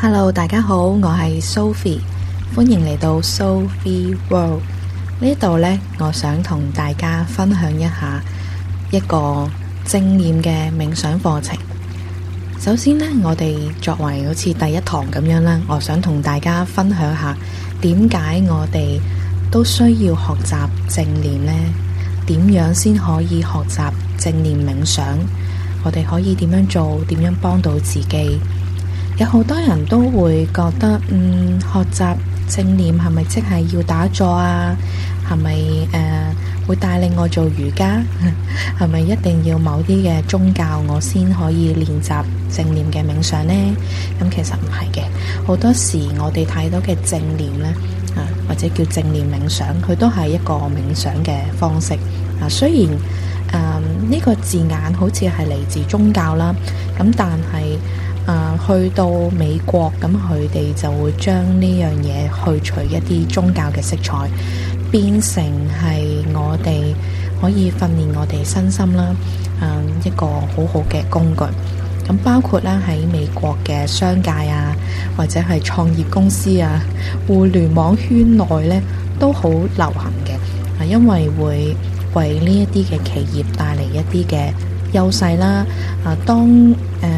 Hello，大家好，我係 Sophy，歡迎嚟到 Soul Free World。呢度呢，我想同大家分享一下一個正念嘅冥想課程。首先呢，我哋作為好似第一堂咁樣啦，我想同大家分享下點解我哋都需要學習正念呢？點樣先可以學習正念冥想？我哋可以點樣做？點樣幫到自己？有好多人都會覺得，嗯，學習正念係咪即係要打坐啊？係咪誒會帶領我做瑜伽？係 咪一定要某啲嘅宗教我先可以練習正念嘅冥想呢？咁、嗯、其實唔係嘅，好多時我哋睇到嘅正念呢，啊，或者叫正念冥想，佢都係一個冥想嘅方式啊。雖然誒呢、嗯這個字眼好似係嚟自宗教啦，咁、嗯、但係。啊，去到美國咁，佢哋就會將呢樣嘢去除一啲宗教嘅色彩，變成係我哋可以訓練我哋身心啦。嗯、啊，一個好好嘅工具。咁包括啦，喺美國嘅商界啊，或者係創業公司啊，互聯網圈內呢都好流行嘅。啊，因為會為呢一啲嘅企業帶嚟一啲嘅優勢啦。啊，當誒。呃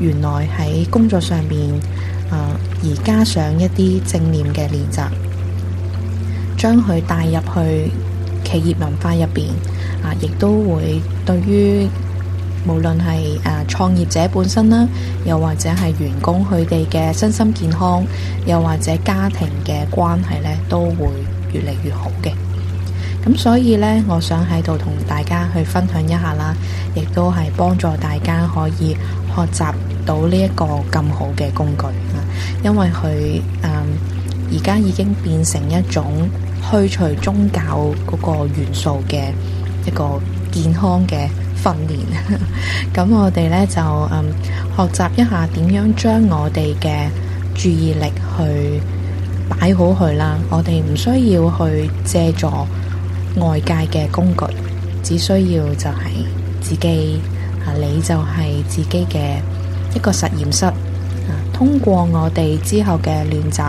原來喺工作上面，啊、呃、而加上一啲正念嘅練習，將佢帶入去企業文化入邊，啊、呃、亦都會對於無論係啊創業者本身啦，又或者係員工佢哋嘅身心健康，又或者家庭嘅關係呢，都會越嚟越好嘅。咁所以呢，我想喺度同大家去分享一下啦，亦都係幫助大家可以學習到呢一個咁好嘅工具啊，因為佢誒而家已經變成一種去除宗教嗰個元素嘅一個健康嘅訓練。咁、 嗯、我哋呢，就誒、嗯、學習一下點樣將我哋嘅注意力去擺好佢啦。我哋唔需要去借助外界嘅工具，只需要就係自己啊，你就係自己嘅，一個實驗室，啊，通過我哋之後嘅練習，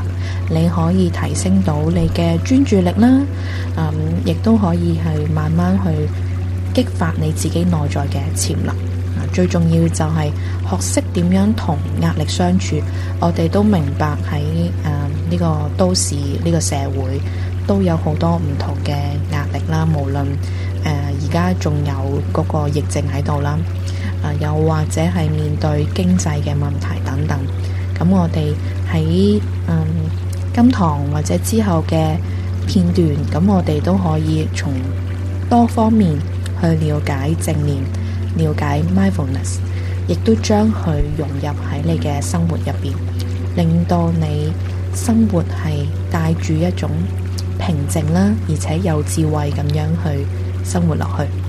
你可以提升到你嘅專注力啦，啊，亦都可以係慢慢去激發你自己內在嘅潛能。啊，最重要就係學識點樣同壓力相處。我哋都明白喺啊呢個都市呢個社會，都有好多唔同嘅壓力啦，啊。無論誒而家仲有嗰個疫症喺度啦。啊，又或者係面對經濟嘅問題等等，咁我哋喺嗯今堂或者之後嘅片段，咁我哋都可以從多方面去了解正念，了解 mindfulness，亦都將佢融入喺你嘅生活入邊，令到你生活係帶住一種平靜啦，而且有智慧咁樣去生活落去。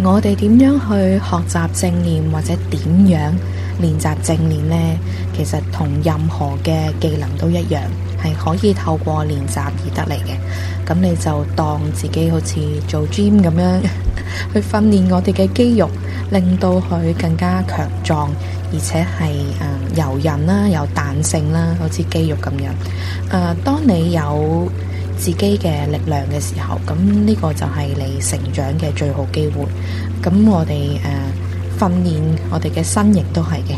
我哋點樣去學習正念或者點樣練習正念呢？其實同任何嘅技能都一樣，係可以透過練習而得嚟嘅。咁你就當自己好似做 gym 咁樣 去訓練我哋嘅肌肉，令到佢更加強壯，而且係誒柔韌啦、有彈性啦，好似肌肉咁樣。誒、呃，當你有。自己嘅力量嘅時候，咁呢個就係你成長嘅最好機會。咁我哋誒訓練我哋嘅身形都係嘅，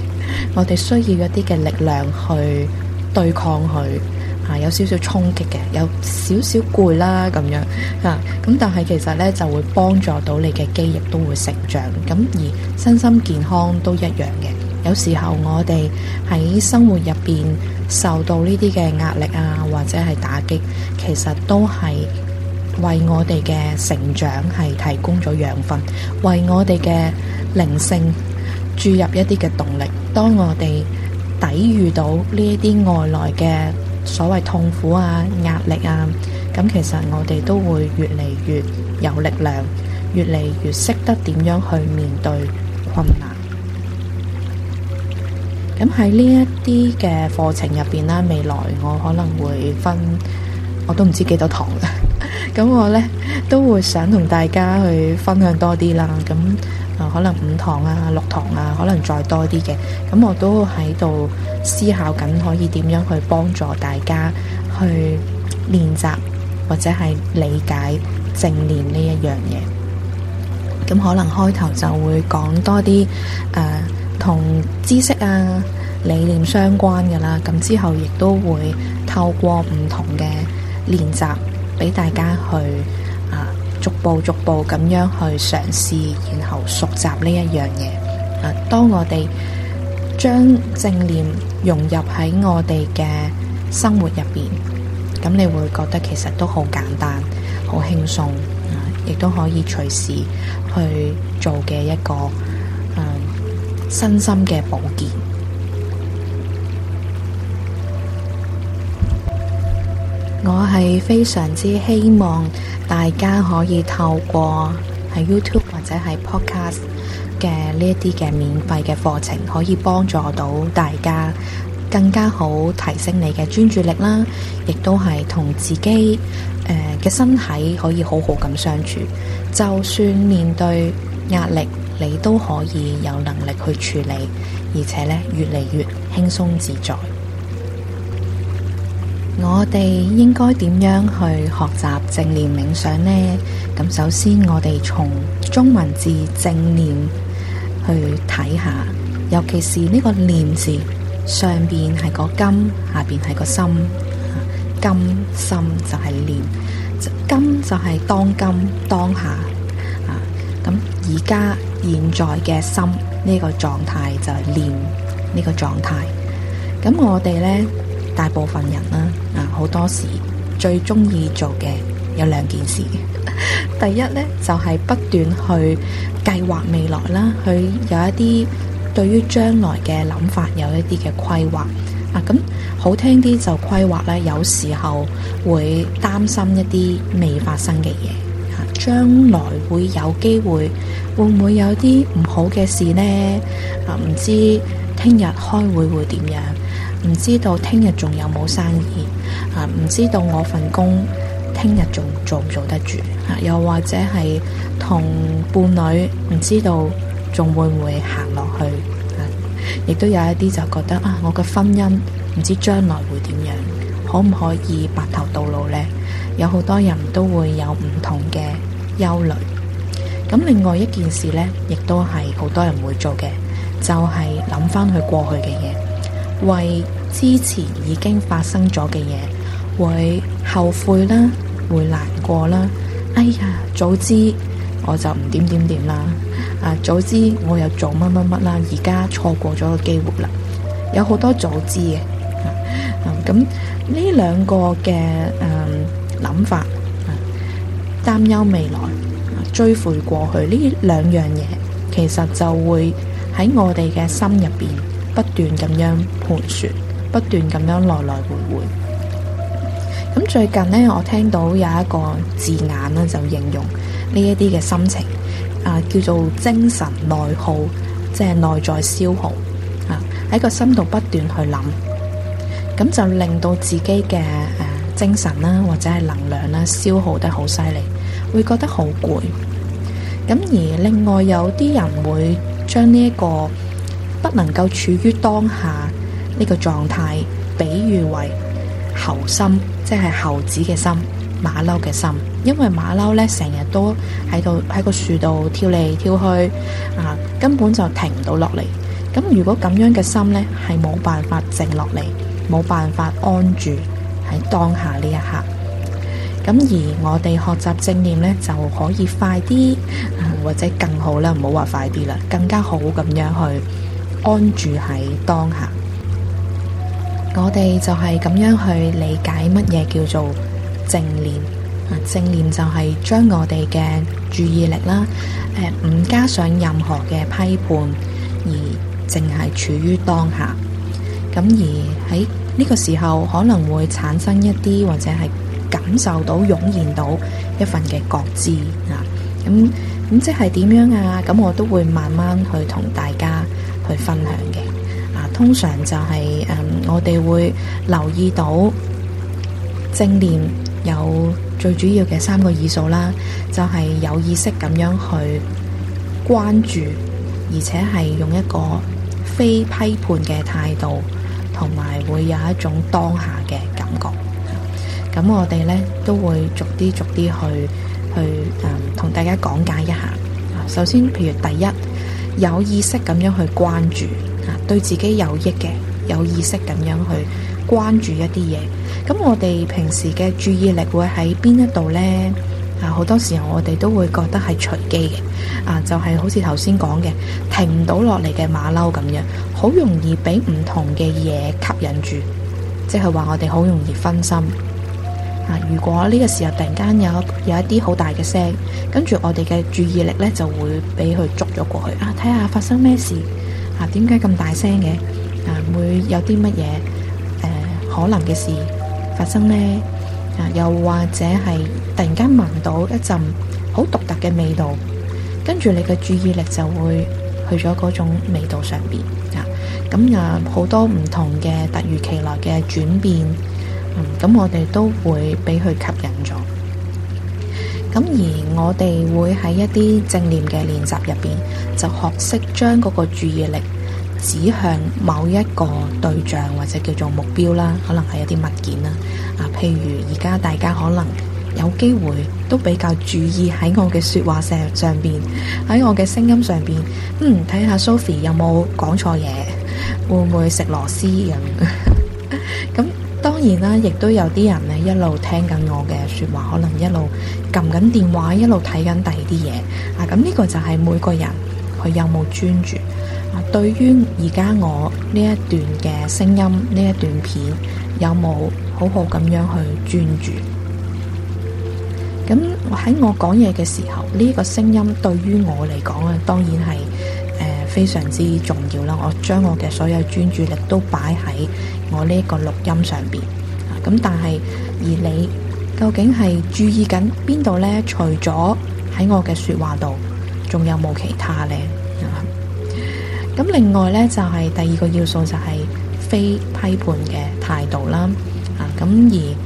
我哋需要一啲嘅力量去對抗佢啊，有少少衝擊嘅，有少少攰啦咁樣吓。咁但係其實呢就會幫助到你嘅肌肉都會成長。咁而身心健康都一樣嘅。有時候我哋喺生活入邊。受到呢啲嘅壓力啊，或者係打擊，其實都係為我哋嘅成長係提供咗養分，為我哋嘅靈性注入一啲嘅動力。當我哋抵禦到呢一啲外來嘅所謂痛苦啊、壓力啊，咁其實我哋都會越嚟越有力量，越嚟越識得點樣去面對困難。咁喺呢一啲嘅課程入邊啦，未來我可能會分，我都唔知幾多堂啦。咁 我呢，都會想同大家去分享多啲啦。咁、呃、可能五堂啊、六堂啊，可能再多啲嘅。咁我都喺度思考緊，可以點樣去幫助大家去練習或者係理解正念呢一樣嘢。咁可能開頭就會講多啲誒，呃同知識啊、理念相關㗎啦，咁之後亦都會透過唔同嘅練習，俾大家去啊，逐步逐步咁樣去嘗試，然後熟習呢一樣嘢。啊，當我哋將正念融入喺我哋嘅生活入邊，咁你會覺得其實都好簡單、好輕鬆，亦、啊、都可以隨時去做嘅一個。身心嘅保健，我係非常之希望大家可以透過喺 YouTube 或者係 Podcast 嘅呢一啲嘅免費嘅課程，可以幫助到大家更加好提升你嘅專注力啦，亦都係同自己誒嘅、呃、身體可以好好咁相處，就算面對壓力。你都可以有能力去處理，而且咧，越嚟越輕鬆自在。 我哋應該點樣去學習正念冥想呢？咁首先我哋從中文字正念去睇下，尤其是呢個念字上邊係個今，下邊係個心，今心就係念，今就係當今當下啊，咁而家。現在嘅心個狀態，就是，個狀態，呢個狀態就係念呢個狀態，咁我哋呢大部分人啦，啊好多時最鍾意做嘅有兩件事， 第一呢，就係，是，不斷去計劃未來啦，去有一啲對於將來嘅諗法有一啲嘅規劃，啊咁好聽啲就規劃咧，有時候會擔心一啲未發生嘅嘢。將來會有機會，會唔會有啲唔好嘅事呢？啊，唔知聽日開會會點樣？唔知道聽日仲有冇生意？啊，唔知道我份工聽日仲做唔做得住？啊，又或者係同伴侶唔知道仲會唔會行落去？啊，亦都有一啲就覺得啊，我嘅婚姻唔知將來會點樣，可唔可以白頭到老呢？有好多人都會有唔同嘅憂慮，咁另外一件事呢，亦都係好多人會做嘅，就係諗翻佢過去嘅嘢，為之前已經發生咗嘅嘢，會後悔啦，會難過啦，哎呀，早知我就唔點點點啦，啊，早知我又做乜乜乜啦，而家錯過咗個機會啦，有好多早知嘅，咁呢兩個嘅誒諗法。擔憂未來、追悔過去呢兩樣嘢，其實就會喺我哋嘅心入邊不斷咁樣盤旋，不斷咁樣來來回回。咁最近呢，我聽到有一個字眼啦，就形容呢一啲嘅心情啊，叫做精神內耗，即係內在消耗啊，喺個心度不斷去諗，咁就令到自己嘅誒。精神啦，或者係能量啦，消耗得好犀利，會覺得好攰。咁而另外有啲人會將呢一個不能夠處於當下呢個狀態，比喻為猴心，即係猴子嘅心、馬騮嘅心。因為馬騮咧成日都喺度喺個樹度跳嚟跳去，啊根本就停唔到落嚟。咁如果咁樣嘅心咧，係冇辦法靜落嚟，冇辦法安住。喺當下呢一刻，咁而我哋學習正念呢，就可以快啲，呃，或者更好啦，唔好話快啲啦，更加好咁樣去安住喺當下。我哋就係咁樣去理解乜嘢叫做正念。正念就係將我哋嘅注意力啦，呃，唔加上任何嘅批判，而淨係處於當下。咁而喺呢個時候可能會產生一啲或者係感受到湧現到一份嘅覺知啊，咁咁即係點樣啊？咁我都會慢慢去同大家去分享嘅啊。通常就係、是、誒、嗯，我哋會留意到正念有最主要嘅三個要素啦，就係、是、有意識咁樣去關注，而且係用一個非批判嘅態度。同埋會有一種當下嘅感覺，咁我哋呢都會逐啲逐啲去去嗯同大家講解一下。首先，譬如第一有意識咁樣去關注，對自己有益嘅有意識咁樣去關注一啲嘢。咁我哋平時嘅注意力會喺邊一度呢？好多時候我哋都會覺得係隨機嘅，啊，就係好似頭先講嘅停唔到落嚟嘅馬騮咁樣，好容易俾唔同嘅嘢吸引住，即係話我哋好容易分心。啊！如果呢個時候突然間有有一啲好大嘅聲，跟住我哋嘅注意力呢就會俾佢捉咗過去。啊！睇下發生咩事？啊？點解咁大聲嘅？啊？會有啲乜嘢可能嘅事發生呢？又或者係突然間聞到一陣好獨特嘅味道，跟住你嘅注意力就會去咗嗰種味道上邊啊！咁啊，好多唔同嘅突如其來嘅轉變，嗯，咁我哋都會俾佢吸引咗。咁而我哋會喺一啲正念嘅練習入邊，就學識將嗰個注意力。指向某一個對象或者叫做目標啦，可能係一啲物件啦，啊，譬如而家大家可能有機會都比較注意喺我嘅說話聲上邊，喺我嘅聲音上邊，嗯，睇下 Sophy 有冇講錯嘢，會唔會食螺絲咁？咁 當然啦，亦都有啲人呢一路聽緊我嘅說話，可能一路撳緊電話，一路睇緊第二啲嘢，啊，咁、這、呢個就係每個人。佢有冇專注？啊，對於而家我呢一段嘅聲音，呢一段片有冇好好咁樣去專注？咁喺我講嘢嘅時候，呢個聲音對於我嚟講啊，當然係誒非常之重要啦。我將我嘅所有專注力都擺喺我呢個錄音上邊。咁但係而你究竟係注意緊邊度呢？除咗喺我嘅說話度。仲有冇其他呢？咁、嗯、另外呢，就係、是、第二個要素就係非批判嘅態度啦。啊、嗯，咁而誒、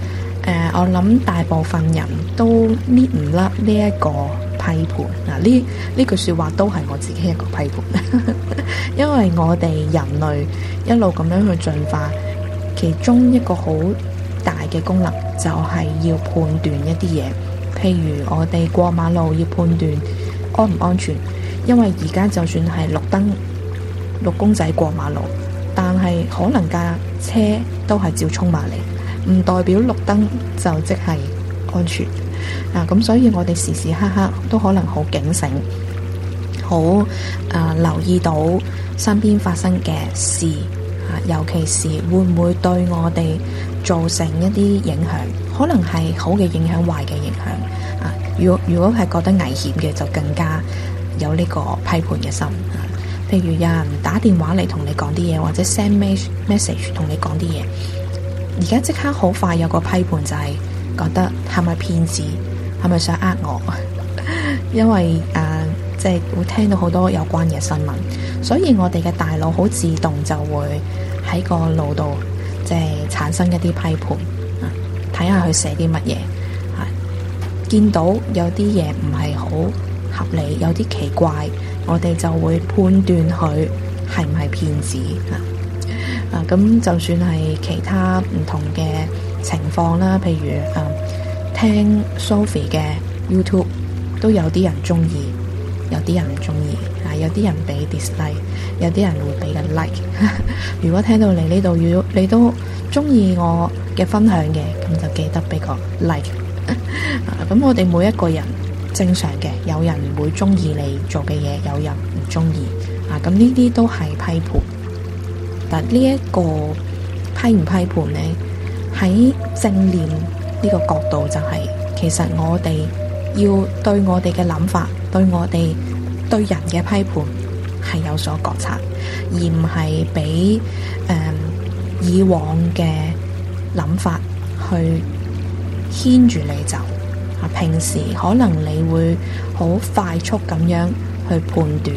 呃，我諗大部分人都搣唔甩呢一個批判。嗱、嗯，呢呢句說話都係我自己一個批判， 因為我哋人類一路咁樣去進化，其中一個好大嘅功能就係要判斷一啲嘢，譬如我哋過馬路要判斷。安唔安全？因為而家就算係綠燈，綠公仔過馬路，但係可能架車都係照衝埋嚟，唔代表綠燈就即係安全。嗱、啊，咁所以我哋時時刻刻都可能好警醒，好誒、呃、留意到身邊發生嘅事啊，尤其是會唔會對我哋造成一啲影響？可能係好嘅影響，壞嘅影響。如果如果係覺得危險嘅，就更加有呢個批判嘅心。譬如有人打電話嚟同你講啲嘢，或者 send message 同你講啲嘢。而家即刻好快有個批判、， 呃，就係覺得係咪騙子，係咪想呃我？因為誒，即係會聽到好多有關嘅新聞，所以我哋嘅大腦好自動就會喺個腦度即係產生一啲批判，睇下佢寫啲乜嘢。見到有啲嘢唔係好合理，有啲奇怪，我哋就會判斷佢係唔係騙子啊！咁，就算係其他唔同嘅情況啦，譬如啊，聽 Sophie 嘅 YouTube 都有啲人中意，有啲人唔中意啊，有啲人俾 dislike，有啲人會俾個 like。 如果聽到你呢度要，如你都中意我嘅分享嘅，咁就記得俾個 like。咁我哋每一個人正常嘅，有人會中意你做嘅嘢，有人唔中意啊！咁呢啲都係批判。嗱，呢一個批唔批判咧，喺正念呢個角度就係，其實我哋要對我哋嘅諗法，對我哋對人嘅批判係有所覺察，而唔係俾誒以往嘅諗法去牽住你走。平時可能你會好快速咁樣去判斷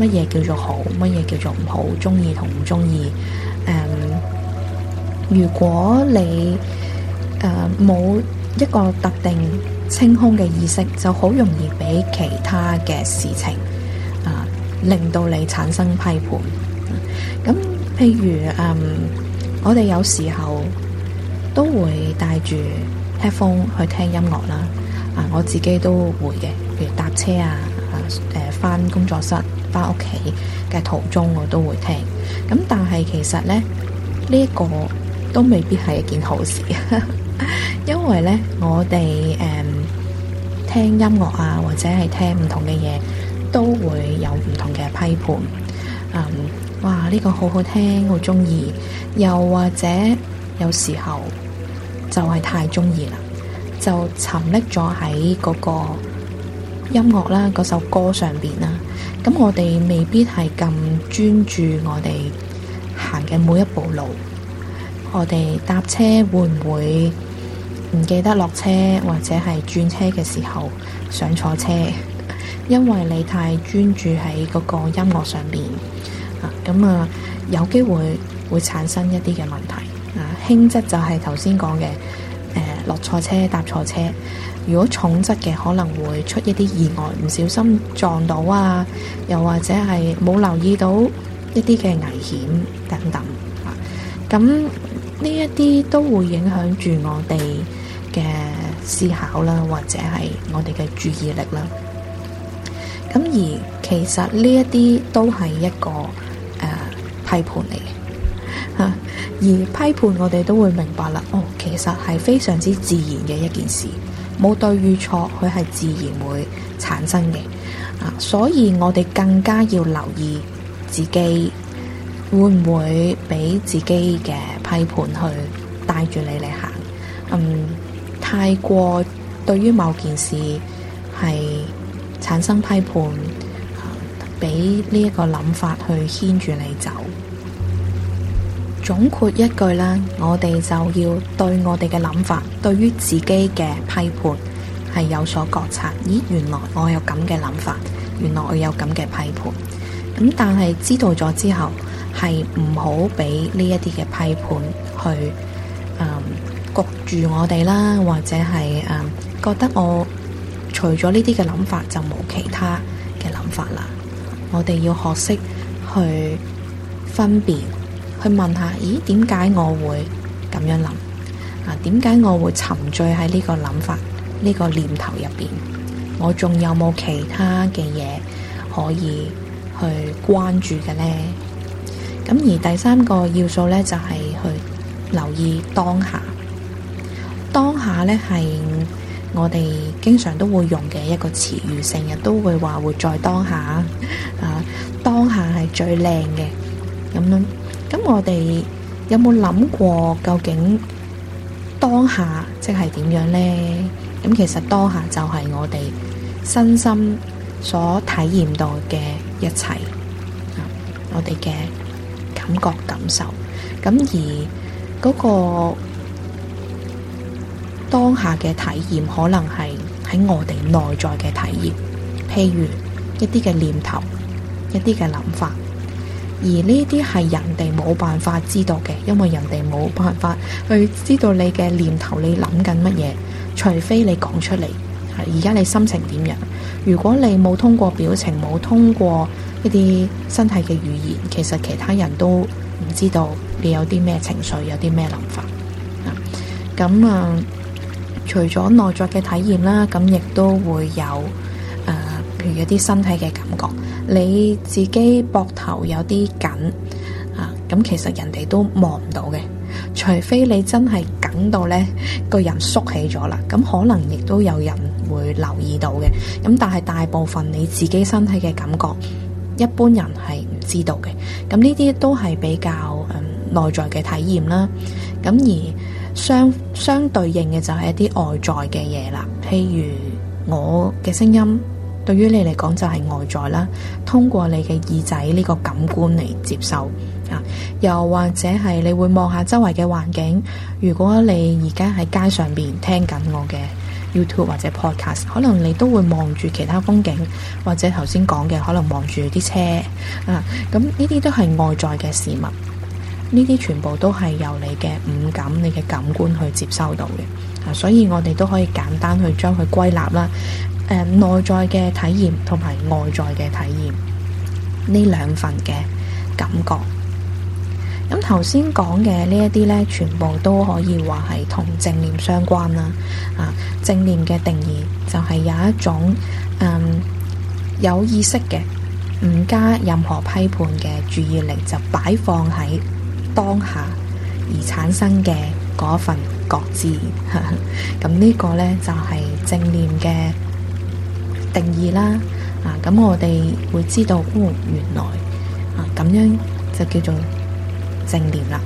乜嘢叫做好，乜嘢叫做唔好，中意同唔中意。誒、um,，如果你冇、uh, 一個特定清空嘅意識，就好容易俾其他嘅事情啊、uh, 令到你產生批判。咁、uh, 譬如，嗯、um,，我哋有時候都會帶住。聽風去聽音樂啦，啊，我自己都會嘅，譬如搭車啊，誒，翻工作室、翻屋企嘅途中，我都會聽。咁但係其實呢，呢一個都未必係一件好事，因為呢，我哋誒聽音樂啊，或者係聽唔同嘅嘢，都會有唔同嘅批判。嗯，哇，呢個好好聽，好中意。又或者有時候。就係太中意啦，就沉溺咗喺嗰個音樂啦，嗰首歌上邊啦。咁我哋未必係咁專注，我哋行嘅每一步路，我哋搭車會唔會唔記得落車，或者係轉車嘅時候上錯車？因為你太專注喺嗰個音樂上邊，咁啊，有機會會產生一啲嘅問題。輕質就係頭先講嘅，誒、呃、落錯車搭錯車。如果重則嘅，可能會出一啲意外，唔小心撞到啊，又或者係冇留意到一啲嘅危險等等啊。咁呢一啲都會影響住我哋嘅思考啦，或者係我哋嘅注意力啦。咁、啊、而其實呢一啲都係一個誒、呃、批判嚟嘅。而批判我哋都會明白啦。哦，其實係非常之自然嘅一件事，冇對與錯，佢係自然會產生嘅。啊，所以我哋更加要留意自己會唔會俾自己嘅批判去帶住你嚟行。嗯，太過對於某件事係產生批判，俾呢一個諗法去牽住你走。總括一句啦，我哋就要對我哋嘅諗法，對於自己嘅批判係有所覺察。咦，原來我有咁嘅諗法，原來我有咁嘅批判。咁但係知道咗之後，係唔好俾呢一啲嘅批判去嗯焗住我哋啦，或者係誒、嗯、覺得我除咗呢啲嘅諗法就冇其他嘅諗法啦。我哋要學識去分辨。去問下，咦？點解我會咁樣諗？啊，點解我會沉醉喺呢個諗法、呢個念頭入邊？我仲有冇其他嘅嘢可以去關注嘅呢？咁、啊、而第三個要素呢，就係去留意當下。當下呢，係我哋經常都會用嘅一個詞語，成日都會話活在當下。啊，當下係最靚嘅咁樣。咁我哋有冇諗過究竟當下即係點樣咧？咁其實當下就係我哋身心所體驗到嘅一切，我哋嘅感覺感受。咁而嗰個當下嘅體，體驗，可能係喺我哋內在嘅體驗，譬如一啲嘅念頭，一啲嘅諗法。而呢啲係人哋冇辦法知道嘅，因為人哋冇辦法去知道你嘅念頭，你諗緊乜嘢？除非你講出嚟。而家你心情點樣？如果你冇通過表情，冇通過一啲身體嘅語言，其實其他人都唔知道你有啲咩情緒，有啲咩諗法。咁啊，啊，除咗內在嘅體驗啦，咁亦都會有。譬如一啲身體嘅感覺，你自己膊頭有啲緊啊，咁其實人哋都望唔到嘅，除非你真係緊到呢，個人縮起咗啦，咁可能亦都有人會留意到嘅。咁但係大部分你自己身體嘅感覺，一般人係唔知道嘅。咁呢啲都係比較嗯內在嘅體驗啦。咁而相相對應嘅就係一啲外在嘅嘢啦，譬如我嘅聲音。對於你嚟講就係外在啦，通過你嘅耳仔呢個感官嚟接受啊，又或者係你會望下周圍嘅環境。如果你而家喺街上邊聽緊我嘅 YouTube 或者 Podcast，可能你都會望住其他風景，或者頭先講嘅可能望住啲車啊。咁呢啲都係外在嘅事物，呢啲全部都係由你嘅五感、你嘅感官去接收到嘅啊。所以我哋都可以簡單去將佢歸納啦。啊誒，內在嘅體驗同埋外在嘅體驗呢兩份嘅感覺。咁頭先講嘅呢一啲呢，全部都可以話係同正念相關啦。正念嘅定義就係有一種，嗯、有意識嘅，唔加任何批判嘅注意力，就擺放喺當下而產生嘅嗰份覺知。咁呢，呢個呢，就係正念嘅。定義啦，啊咁我哋會知道，原來啊咁樣就叫做正念啦。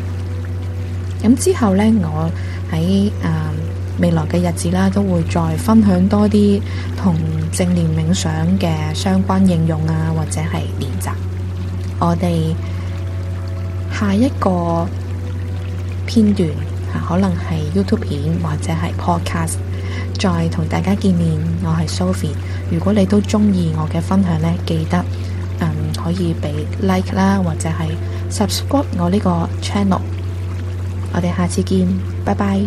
咁、啊、之後呢，我喺啊未來嘅日子啦、啊，都會再分享多啲同正念冥想嘅相關應用啊，或者係練習。我哋下一個片段啊，可能係 YouTube 片或者係 Podcast。再同大家見面，我係 Sophie。如果你都鍾意我嘅分享呢，記得嗯可以畀 like 啦，或者係 subscribe 我呢個 channel。我哋下次見，拜拜。